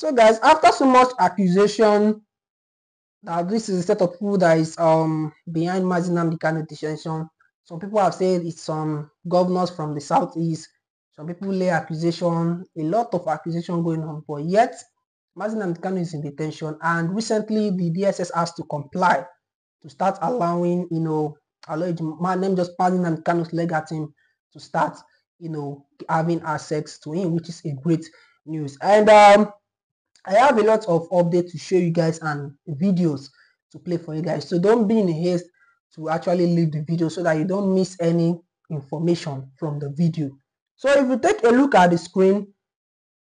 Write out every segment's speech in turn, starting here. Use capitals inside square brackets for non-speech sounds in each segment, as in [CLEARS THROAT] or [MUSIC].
So guys, after so much accusation that this is a set of people that is um behind Mazinam Dikano detention, some people have said it's some governors from the southeast. Some people lay accusation, a lot of accusation going on, but yet Mazinam Dikano is in detention. And recently, the DSS has to comply to start allowing, you know, allow my name just Mazinam Dikano's legal team to start, you know, having access to him, which is a great news. And um, I have a lot of updates to show you guys and videos to play for you guys. So don't be in haste to actually leave the video so that you don't miss any information from the video. So if you take a look at the screen,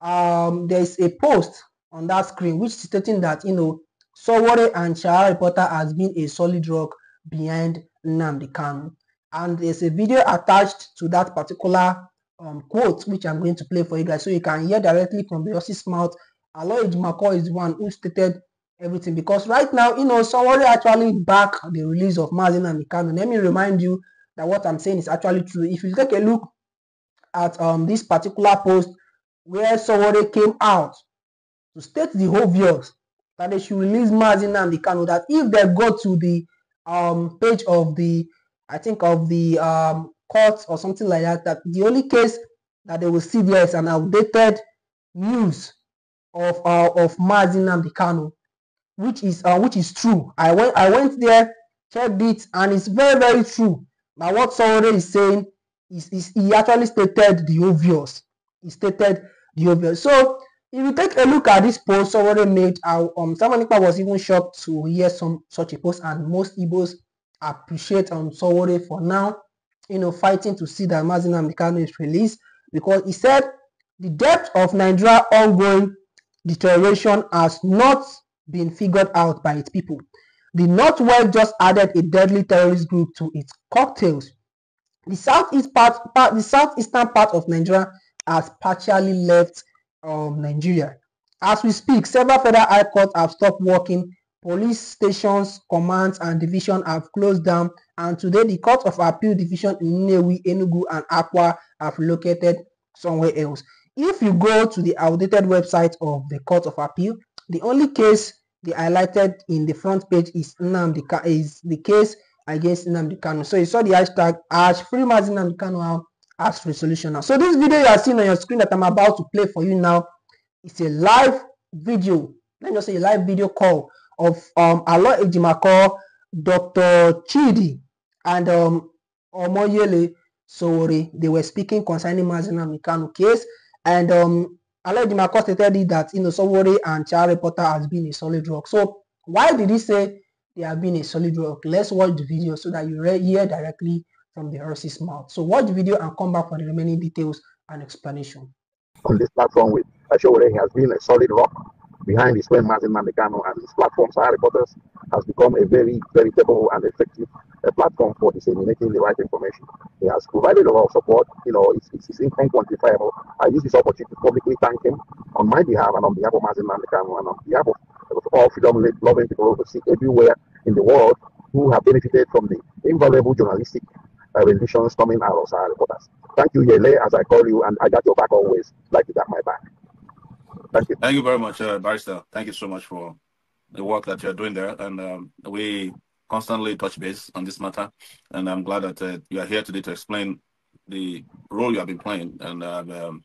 um, there is a post on that screen which is stating that, you know, Sowore and Shahara Reporter has been a solid rock behind Namdi Kanu. And there's a video attached to that particular um, quote which I'm going to play for you guys so you can hear directly from Biosi's mouth Aloyd McCoy is the one who stated everything because right now, you know, somebody actually back the release of Mazin and Mikano. Let me remind you that what I'm saying is actually true. If you take a look at um, this particular post where somebody came out to state the obvious that they should release Mazin and Mikano, that if they go to the um, page of the, I think of the um, court or something like that, that the only case that they will see there is an outdated news of uh, of Mazinam Bikano, which is uh, which is true. I went I went there, checked it, and it's very very true. But what Sowore is saying is, is he actually stated the obvious. He stated the obvious. So if you take a look at this post Sowore made, uh, um, Samanipa was even shocked to hear some such a post, and most Igbos appreciate um Sowore for now, you know, fighting to see that Mazinam Bikano is released because he said the depth of Nigeria ongoing deterioration has not been figured out by its people. The Northwest just added a deadly terrorist group to its cocktails. The southeast part, part the southeastern part of Nigeria has partially left um, Nigeria. As we speak, several federal high courts have stopped working. Police stations, commands, and division have closed down. And today, the Court of Appeal Division in Nnewi, Enugu, and Akwa have located somewhere else. if you go to the outdated website of the Court of Appeal, the only case they highlighted in the front page is Nnamdi is the case against Nnamdi Kanu. So you saw the hashtag as free Nnamdi Kanu as resolution So this video you are seeing on your screen that I'm about to play for you now is a live video. Let me just say a live video call of um Alo Ejimako, Dr. Chidi, and um Omoyele Sowore. They were speaking concerning Mazi Nnamdi Kanu case. And um, Aled Dimakoste told it that you know Sowore and Charlie Potter has been a solid rock. So why did he say they have been a solid rock? Let's watch the video so that you hear directly from the horse's mouth. So watch the video and come back for the remaining details and explanation. On this platform with Ashore, he has been a solid rock behind his friend Mazin Mandekano and his platform, Sahara Reporters, has become a very veritable and effective uh, platform for disseminating the right information. He has provided a lot of support. You know, it's, it's, it's unquantifiable. I use this opportunity to publicly thank him on my behalf and on behalf of Mazin Mandekano and on behalf of, of all freedom-loving people who everywhere in the world who have benefited from the invaluable journalistic uh, coming out of Sahara Reporters. Thank you, Yele, as I call you, and I got your back always, like you got my back. Thank you. Thank you very much, uh, Barrister. Thank you so much for the work that you're doing there. And um, we constantly touch base on this matter. And I'm glad that uh, you are here today to explain the role you have been playing. And uh, um,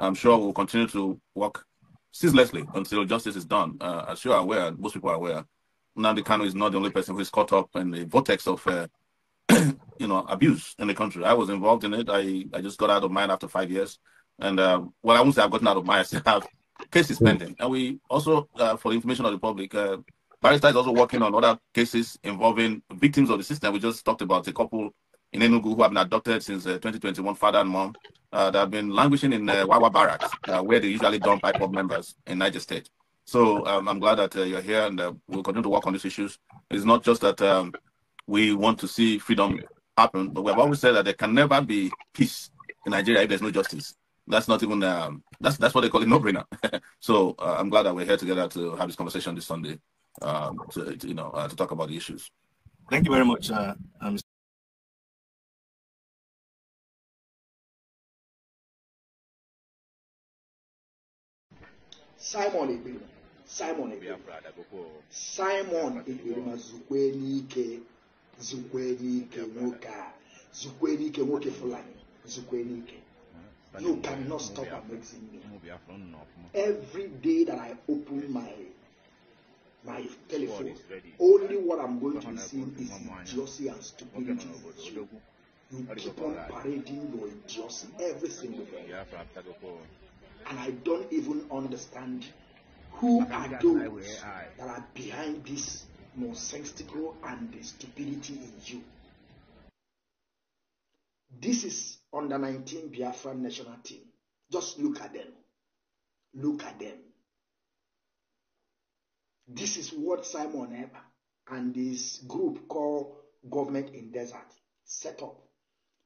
I'm sure we'll continue to work ceaselessly until justice is done. Uh, as you are aware, most people are aware, Nnamdi is not the only person who is caught up in the vortex of, uh, [CLEARS THROAT] you know, abuse in the country. I was involved in it. I, I just got out of mine after five years. And, uh, well, I won't say I've gotten out of mine. [LAUGHS] I still have cases pending. And we also, uh, for the information of the public, uh, Barrister is also working on other cases involving victims of the system. We just talked about a couple in Enugu who have been adopted since uh, 2021, father and mom, uh, that have been languishing in uh, Wawa barracks, uh, where they usually dump IPOB members in Niger State. So um, I'm glad that uh, you're here and uh, we'll continue to work on these issues. It's not just that um, we want to see freedom happen, but we have always said that there can never be peace in Nigeria if there's no justice that's not even um, that's that's what they call a no-brainer. [LAUGHS] so uh, I'm glad that we're here together to have this conversation this Sunday, um, to, to, you know, uh, to talk about the issues. Thank you very much. Uh, um... Simon Simon Simon you cannot stop amazing me. Every day that I open my my telephone, only what I'm going to see is idiocy and stupidity. You, keep on parading your idiocy every single day. And I don't even understand who are those that are behind this nonsensical and the stupidity in you. This is under 19 Biafra national team. Just look at them. Look at them. This is what Simon Eber and this group called Government in Desert set up,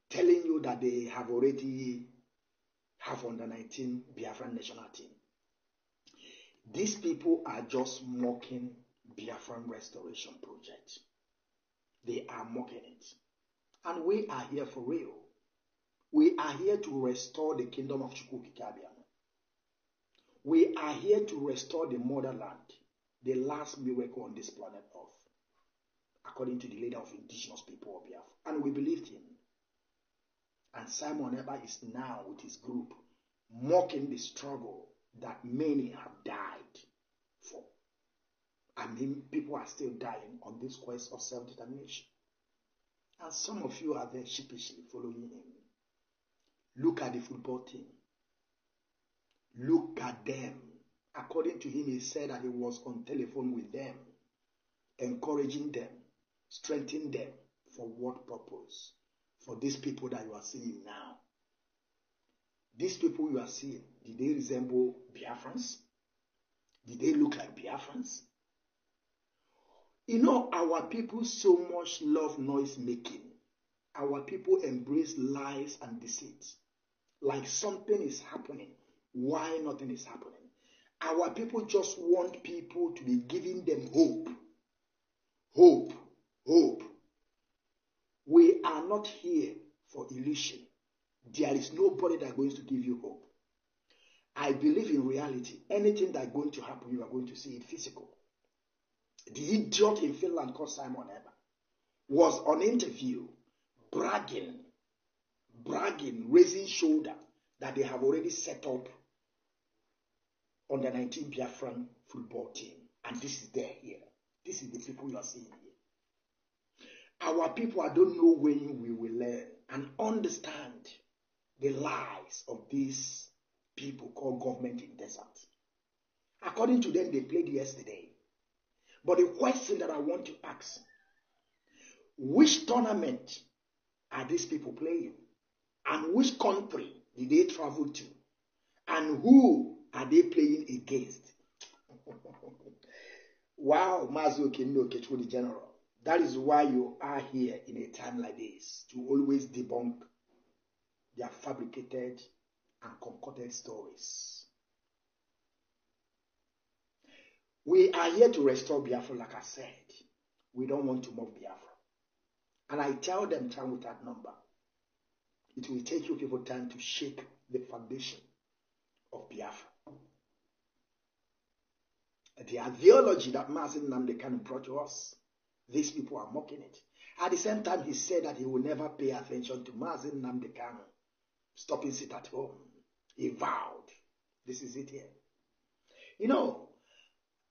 telling you that they have already have under 19 Biafra national team. These people are just mocking Biafra restoration project. They are mocking it. And we are here for real. We are here to restore the kingdom of Chukwukikabia. We are here to restore the motherland, the last miracle on this planet Earth, according to the leader of indigenous people of Biafra. And we believed him. And Simon Eber is now with his group mocking the struggle that many have died for. I mean, people are still dying on this quest of self determination. And some of you are there sheepishly following him. Look at the football team. Look at them. According to him, he said that he was on telephone with them, encouraging them, strengthening them. For what purpose? For these people that you are seeing now. These people you are seeing, did they resemble Biafrans? Did they look like Biafrans? You know, our people so much love noise making. Our people embrace lies and deceit like something is happening. Why nothing is happening? Our people just want people to be giving them hope. Hope. Hope. We are not here for illusion. There is nobody that is going to give you hope. I believe in reality. Anything that's going to happen, you are going to see it physical. The idiot in Finland called Simon Eber was on interview bragging bragging, raising shoulder that they have already set up on the 19 Biafran football team. And this is there here. This is the people you are seeing here. Our people, I don't know when we will learn and understand the lies of these people called government in desert. According to them, they played yesterday. But the question that I want to ask, which tournament are these people playing? and which country did they travel to, and who are they playing against? [LAUGHS] wow, Mazi Okino the general. That is why you are here in a time like this to always debunk their fabricated and concocted stories. We are here to restore Biafra, like I said. We don't want to move Biafra. And I tell them time without number. It will take you people time to shake the foundation of Biafra. The ideology that Masin Namde brought to us, these people are mocking it. At the same time, he said that he will never pay attention to Masin Namde Kanu stopping sit at home. He vowed. This is it here. You know,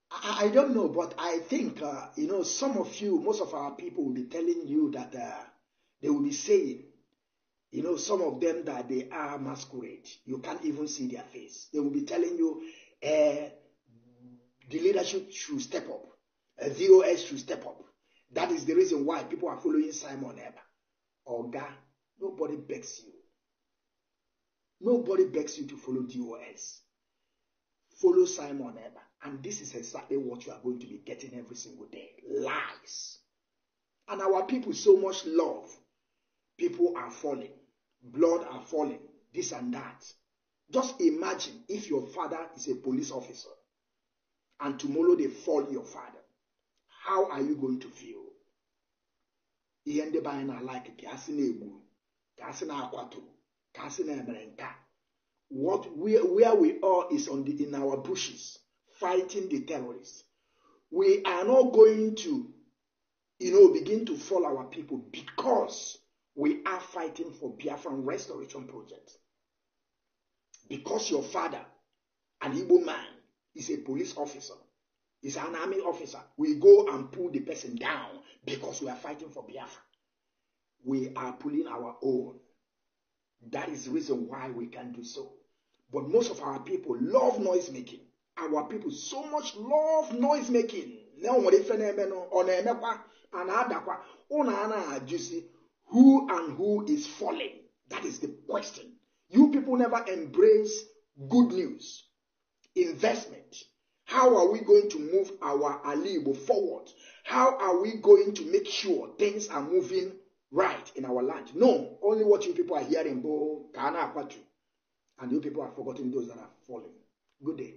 I, I don't know, but I think, uh, you know, some of you, most of our people will be telling you that uh, they will be saying you know, some of them that they are masquerade. You can't even see their face. They will be telling you, eh, the leadership should step up. A eh, VOS should step up. That is the reason why people are following Simon Eber. Oga, nobody begs you. Nobody begs you to follow DOS. Follow Simon Eber. And this is exactly what you are going to be getting every single day. Lies. And our people so much love. People are falling. blood are falling, this and that. Just imagine if your father is a police officer and tomorrow they fall your father. How are you going to feel? Ihe ndị be anyị na-ala ka a na-egburu, ka a na-akwatụrụ, ka a na-emere nka. What we where we are is on the, in our bushes fighting the terrorists. We are not going to you know, begin to fall our people because we are fighting for Biafran restoration project. Because your father, an Igbo man, is a police officer, is an army officer, we go and pull the person down because we are fighting for Biafra. We are pulling our own. That is the reason why we can do so. But most of our people love noise making. Our people so much love noise making. Who and who is falling? That is the question. You people never embrace good news, investment. How are we going to move our Alibo forward? How are we going to make sure things are moving right in our land? No, only what you people are hearing, Bo, Ghana, Akwatu. And you people are forgetting those that are falling. Good day.